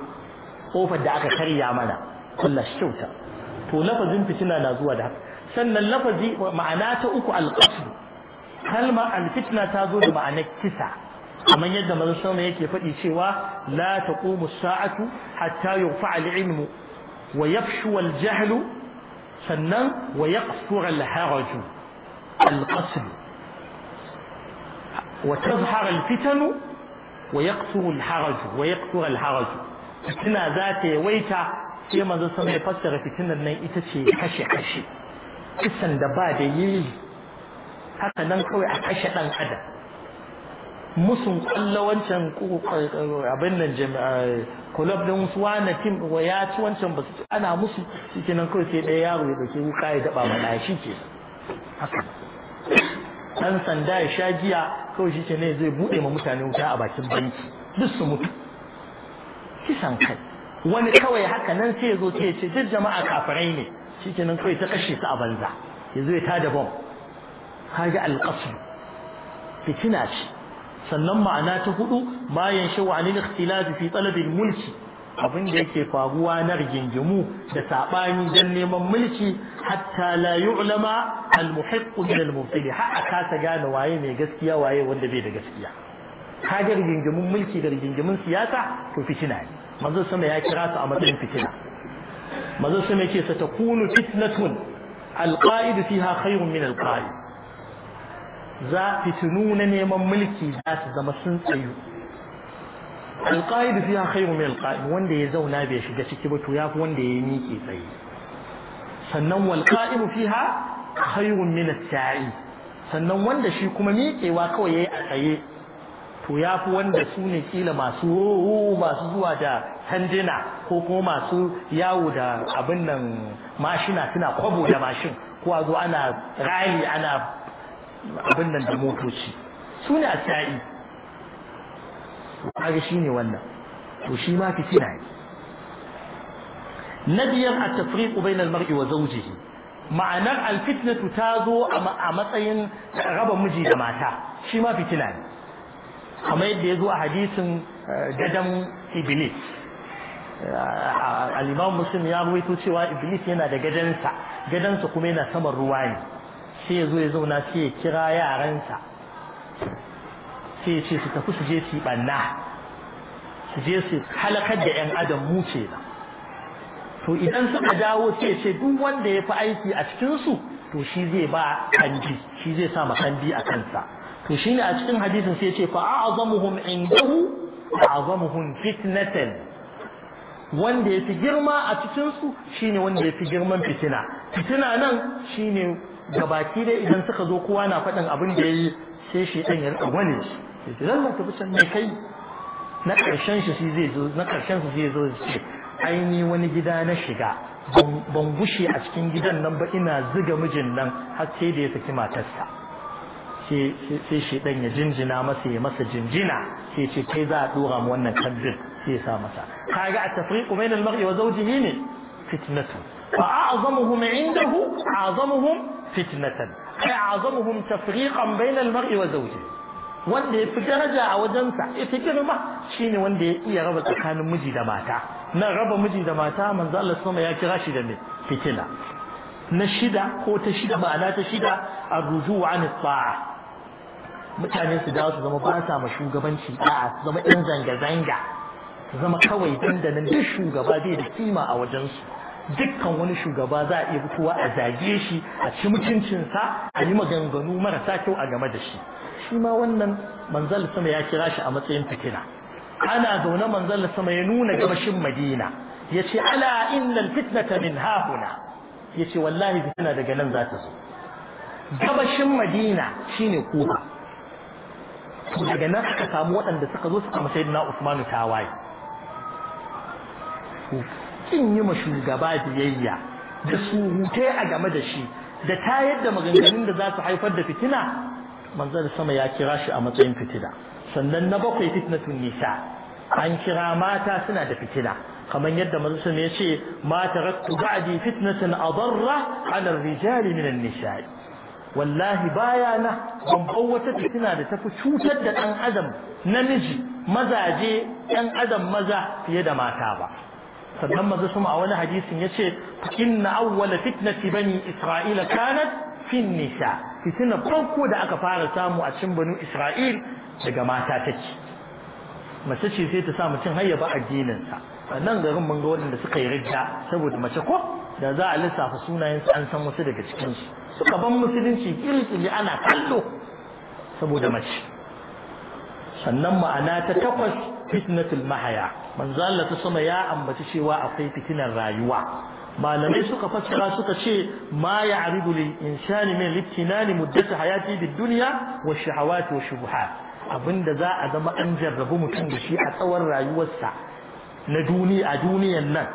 kofar da aka karya mana Allah shi kyauta to lafazin fitina na zuwa da haka sannan lafazi ma'ana ta uku alqasr kalma alfitna ta zo da ma'anar kisa kamar yadda manzon sama yake faɗi cewa la taqumu sa'atu hatta yufa al-ilmu wa yafshu al-jahlu sannan wa yaqsura al-haraju al-qasr wa tazhar al-fitanu wa yaqsuru al-haraju wa yaqsura al-haraju fitina za ta yawaita sai manzon sama ya fassara fitinan nan ita ce kashe kashe kisan da ba da yili haka nan kawai a kashe ɗan adam musun kwallo wancan abin nan kulab eh, din wane tim wa ya ci wancan ba su ana musu cikin nan kawai sai ɗaya yaro ya ɗauke wuka ya daɓa na shi ke haka ɗan sanda ya sha giya kawai shi ke ne zai buɗe ma mutane wuta a bakin banki duk su mutu kisan kai wani kawai haka nan sai ya zo ce ce duk jama'a kafirai ne shi ke nan kawai ta kashe su a banza ya zo ya tada bom kaga alqasr fitina ce sannan ma'ana ta hudu bayan shawa anil ikhtilaf fi talab mulki abin da yake faruwa na rigingimu da sabani dan neman mulki hatta la yu'lama al muhiq min al mubtil ha ta gane waye mai gaskiya waye wanda bai da gaskiya kaga rigingimun mulki da rigingimun siyasa to fitina ne manzon sama ya kira a matsayin fitina manzon sama yake sa takunu fitnatun al qa'id fiha khairun min al za fitinu na neman mulki za su zama sun tsayu alƙa'idu fiha khairu mai alƙa'idu wanda ya zauna bai shiga ciki ba to yafi wanda ya miƙe tsaye sannan walƙa'idu qa'imu khairu min as-sa'i sannan wanda shi kuma miƙewa kawai yayi a tsaye to yafi wanda su ne kila masu masu zuwa da handina ko kuma masu yawo da abin nan mashina suna kwabo da mashin ko a zo ana rali ana abin nan da motoci su ne a sa'i kaga shi ne wannan to shi ma fitina ne na biyar a tafriqu na mar'i wa zawjihi ma'anar alfitnatu ta zo a matsayin raba miji da mata shi ma fitina ne kamar yadda ya zo a hadisin eh, gadon iblis eh, al'imam muslim ya ruwaito cewa iblis yana da gadansa gadansa kuma yana saman ruwa ne sai ya zo ya zauna sai ya kira yaransa sai ya ce su tafi su je su yi ɓanna su je su halakar da 'yan adam mu ce to idan suka dawo sai ya ce duk wanda ya fi aiki a cikinsu to shi zai ba kanji shi zai sa ma kanji a kansa to shi ne a cikin hadisin sai ya ce fa'a'azamuhum indahu a'azamuhum fitnatan wanda ya fi girma a cikinsu shine wanda ya fi girman fitina fitina nan shine gabaki dai idan suka zo kowa na faɗin abin da ya yi sai shi ɗan ya wani shi zan nan tafi can mai kai na ƙarshen shi shi zai zo na ƙarshen shi zai zo shi aini wani gida na shiga ban gushe a cikin gidan nan ba ina ziga mijin nan har sai da ya saki matarsa sai shi ɗan ya jinjina masa ya masa jinjina sai ce kai za a ɗora mu wannan kambin sai ya sa masa kaga a tafriqu bainal mar'i wa zawjihi ne fitnatu fa a'zamuhum indahu a'zamuhum fitnatan ai azamuhum tafriqan bainal mar'i wa wanda ya fi daraja a wajensa ya fi girma shine wanda ya iya raba tsakanin miji da mata na raba miji da mata manzo Allah sama ya kira shi da me fitina na shida ko ta shida ma'ana ta shida arruju an ta'a mutane su dawo su zama ba sa ma shugabanci a'a su zama ɗan zanga zanga su zama kawai dandanan duk shugaba bai da kima a wajensu dukkan wani shugaba za a iya fitowa a zage shi a ci mutuncinsa a yi maganganu marasa kyau a game da shi shi ma wannan manzal sama ya kira shi a matsayin fitina ana zaune manzal sama ya nuna gabashin madina ya ce ala innal fitnata min hahuna ya ce wallahi fitina daga nan za ta zo gabashin madina shine kufa daga nan aka samu waɗanda suka zo suka masai na usmanu tawaye kin yi ma shugaba biyayya da surutai a game da shi da ta yadda maganganun da za su haifar da fitina manzar sama ya kira shi a matsayin fitina sannan na bakwai fitnatun nisa an kira mata suna da fitina kamar yadda manzon sama ya ce ma taraktu ba'di fitnatan adarra 'ala ar-rijali min an wallahi baya na ban wata fitina da tafi cutar da ɗan adam namiji mazaje ɗan adam maza fiye da mata ba sannan manzo suma a wani hadisin yace inna awwala fitnati bani isra'ila kanat fin nisa fitina farko da aka fara samu a cikin banu isra'il daga mata take mace ce sai ta sa mutum har ya ba addinin sa nan garin mun ga waɗanda suka yi ridda saboda mace ko da za a lissafa sunayen an san wasu daga cikin su suka ban musulunci kirkiri ana kallo saboda mace sannan ma'ana ta takwas fitnatul mahaya manzo Allah ta sama ya ambaci cewa akwai fitinar rayuwa malamai suka fassara suka ce ma ya'ridu lil insani min litinani muddat hayati bid dunya wa shahawati wa shubuhat abinda za a zama an jarrabu mutum da shi a tsawon rayuwarsa na duniya a duniyan nan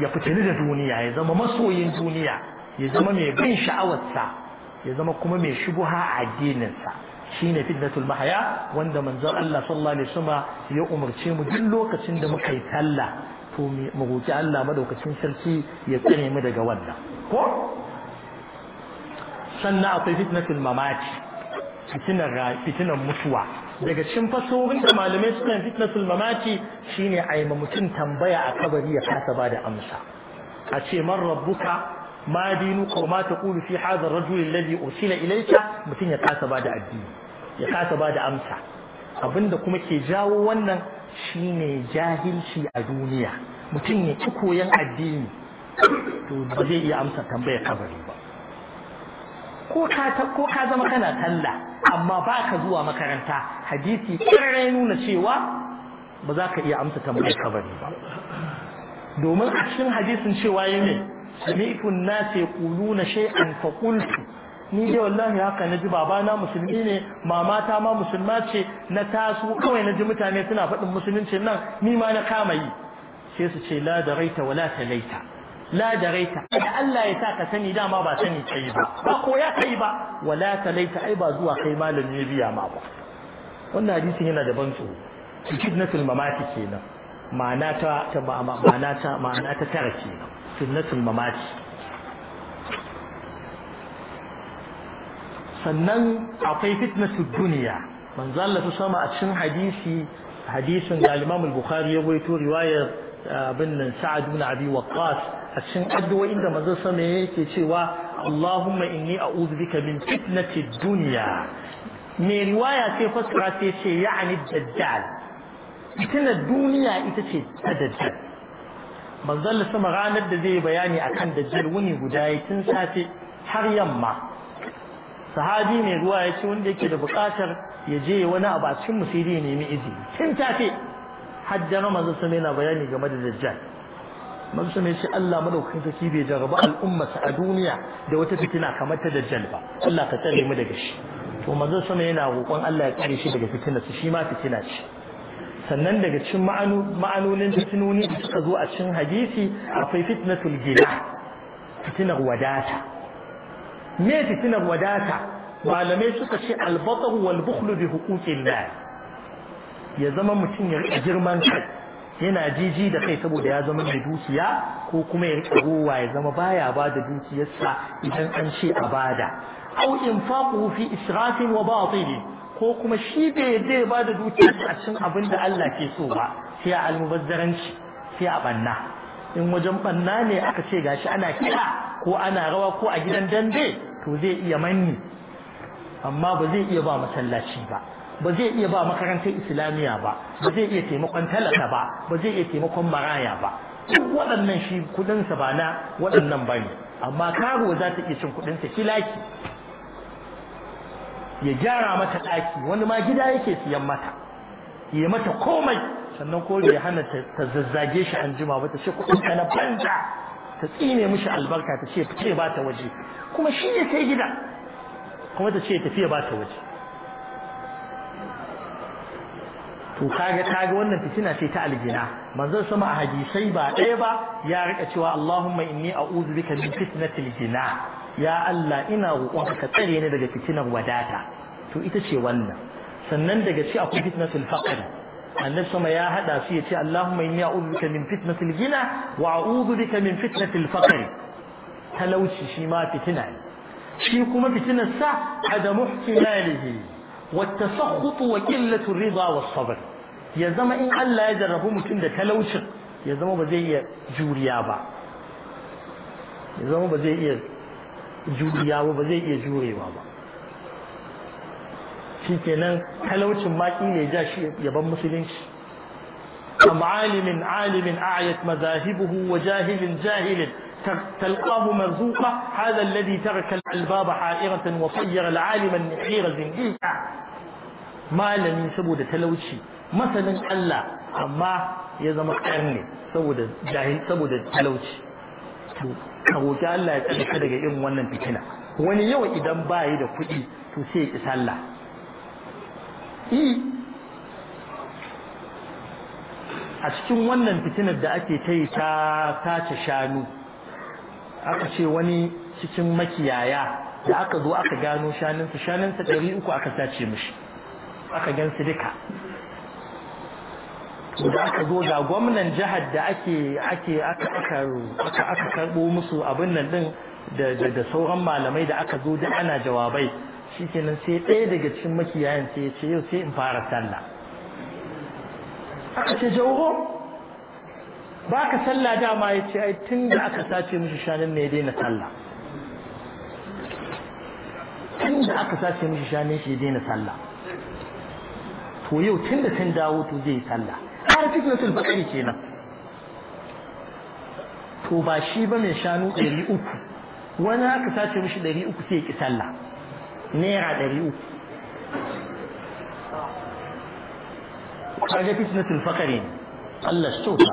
ya fitini da duniya ya zama masoyin duniya ya zama mai bin sha'awarsa ya zama kuma mai shubuha a addininsa shine fitnatul mahaya wanda manzon Allah sallallahu alaihi wasallam ya umarce mu duk lokacin da muka yi talla to mu roki Allah madaukakin sarki ya tsare mu daga wannan ko sannan akwai fitnatul mamati fitinar fitinar mutuwa daga cikin fasohin da malamai suka yi fitnatul mamati shine ayi mutum tambaya a kabari ya kasa da amsa a ce man rabbuka ma dinuka wa ma taqulu fi hadha ar-rajul alladhi ya kasa bada addini ya kasa bada amsa abinda kuma ke jawo wannan shine jahilci a duniya mutum ya ci koyan addini to ba zai iya amsa tambayar kabari ba ko ka ko ka zama kana talla amma ba ka zuwa makaranta hadisi kirrai nuna cewa ba za ka iya amsa tambayar kabari ba domin a cikin hadisin cewa yi ne سمعت الناس يقولون شيئا فقلت ni dai wallahi haka naji babana musulmi ne mamata ma musulma ce na taso kawai na ji mutane suna faɗin musulunci nan ni ma na kama yi sai su ce la da raita wala ta laita la da raita da Allah ya sa ka sani dama ba sani kai ba ba ko ya kai ba wala ta laita ai ba zuwa kai malami ya biya ma ba wannan hadisin yana da ban tsoro fitnatul mamati kenan ma'ana ta ma'ana ta ma'ana ta tara kenan sunnatul mamaci sannan akwai fitnatu duniya manzo Allah ta sama a cikin hadisi hadisin da Imam al-Bukhari ya goyito riwayar abin nan Sa'ad ibn Abi Waqqas a cikin addu'o'in da manzo sama yake cewa Allahumma inni a'udhu bika min fitnati dunya me riwaya ce fasara ce ce ya'ni dajjal fitnar duniya ita ce ta dajjal manzon sama ranar da zai bayani akan dajjal wuni guda ya tun safe har yamma sahabi mai ruwa ya ce wanda yake da buƙatar ya je wani abu a cikin musiri ya nemi izini tun safe haddana manzon sama yana bayani game da dajjal manzon sama ya Allah madaukakin sarki bai jarraba al'ummata a duniya da wata fitina kamar ta dajjal ba Allah ka tsare mu daga shi to manzon sama yana roƙon Allah ya tsare shi daga fitinarsa shi ma fitina ce sannan daga cikin ma'anonin fitinoni da suka zo a cikin hadisi akwai fitnatul gila fitinar wadata me fitinar wadata malamai suka ce albatar wal bukhlu bi huquqil ya zama mutum ya rike girman kai yana jiji da kai saboda ya zama mai dukiya ko kuma ya rike ruwa ya zama baya ba da dukiyarsa idan an ce a bada au infaquhu fi israfin wa batil ko kuma shi bai je ba da dukiya a cikin abin da Allah ke so ba sai a almubazzaranci sai a banna in wajen banna ne aka ce gashi ana kira ko ana rawa ko a gidan dambe to zai iya manni amma ba zai iya ba masallaci ba ba zai iya ba makarantar islamiyya ba ba zai iya taimakon talaka ba ba zai iya taimakon maraya ba duk waɗannan shi kuɗinsa ba na waɗannan ba ne amma karuwa za ta iya cin kuɗinsa kilaki ya gyara mata ɗaki wani ma gida yake siyan mata ya mata komai sannan ko ya hana ta zazzage shi anjima ba ta ce kuɗin ka na banza ta tsine mishi albarka ta ce fice ba ta waje kuma shi ya kai gida kuma ta ce tafiya ba ta waje to kaga kaga wannan fitina ce ta aljina manzon sama a hadisai ba ɗaya ba ya rika cewa Allahumma inni a'udhu bika min fitnatil jina ya Allah ina roƙonka ka tsare ni daga fitinar wadata to ita ce wannan sannan daga ci akwai fitnatul faqr annabi sama ya hada su ya ce Allahumma inni a'udhu bika min fitnatil ghina wa a'udhu bika min fitnatil faqr talauci shi ma fitina shi kuma fitinar sa adamu ihtimalihi wa tasakhut wa qillatu ridha wa sabr ya zama in Allah ya jarrabu mutum da talaucin ya zama ba zai iya juriya ba ya zama ba zai iya juriya ba ba zai iya jurewa ba shi kenan talaucin maki ne ja shi yaban musulunci am alimin alimin a'yat mazahibuhu wa jahilin jahilin تلقاه مرزوقا هذا الذي ترك الباب حائرة وصير العالم النحير زنديقا ما لم يسبو ده تلوشي مثلا الله أما يزمك أرني سبو ده جاهل سبو ده تلوشي to ka Allah ya tsare shi daga irin wannan fitina wani yau idan ba yi da kuɗi to sai ya ki sallah a cikin wannan fitinar da ake ta yi ta tace shanu aka ce wani cikin makiyaya da aka zo aka gano shanunsa shanunsa ɗari uku aka sace mishi aka gansu duka da aka zo ga gwamnan jihar da ake ake aka aka karbo musu abin nan din da da sauran malamai da aka zo da ana jawabai shikenan sai ɗaya daga cikin makiyayan sai ya ce yau sai in fara sallah aka ce jawo ba ka sallah dama ya ce ai tun da aka sace mishi shanun ne ya daina sallah tun da aka sace mishi shanun shi ya daina sallah to yau tun da tun dawo to zai yi sallah har sun bakari kenan to ba shi ba mai shanu ɗari uku wani haka sace mishi ɗari uku sai ki sallah naira ɗari uku kaga sun fakari Allah shi kyauta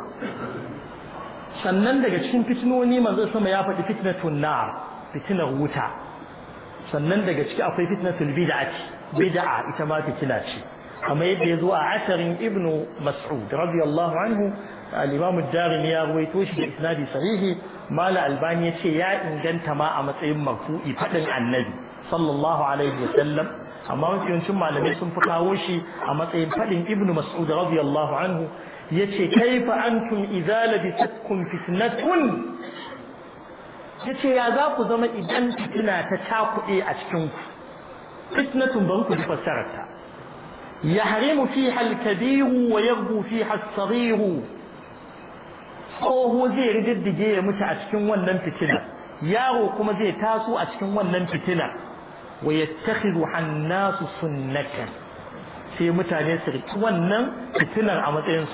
sannan daga cikin fitinoni manzo sama ya faɗi fitnatun nar fitinar wuta sannan daga ciki akwai fitnatul bid'ati bid'a ita ma fitina ce kama yadda ya a asarin ibnu mas'ud radiyallahu anhu al-imam ad ya rawaito shi da isnadi sahihi mala albani ya ce ya inganta ma a matsayin mafu'i fadin annabi sallallahu alaihi wa sallam amma wasu malamai sun fi kawo shi a matsayin fadin ibnu mas'ud radiyallahu anhu ya ce kaifa antum idza labisatkum fitnatun ya zaku zama idan fitina ta cakuɗe a cikinku fitnatun ban ku ji fassararta يحرم فيها الكبير ويغبو فيها الصغير tsoho zai rididdige ya mutu a cikin wannan fitina yaro kuma zai taso a cikin wannan fitina wa yattakhidhu hannasu sunnatan sai mutane su riki wannan fitinar a matsayin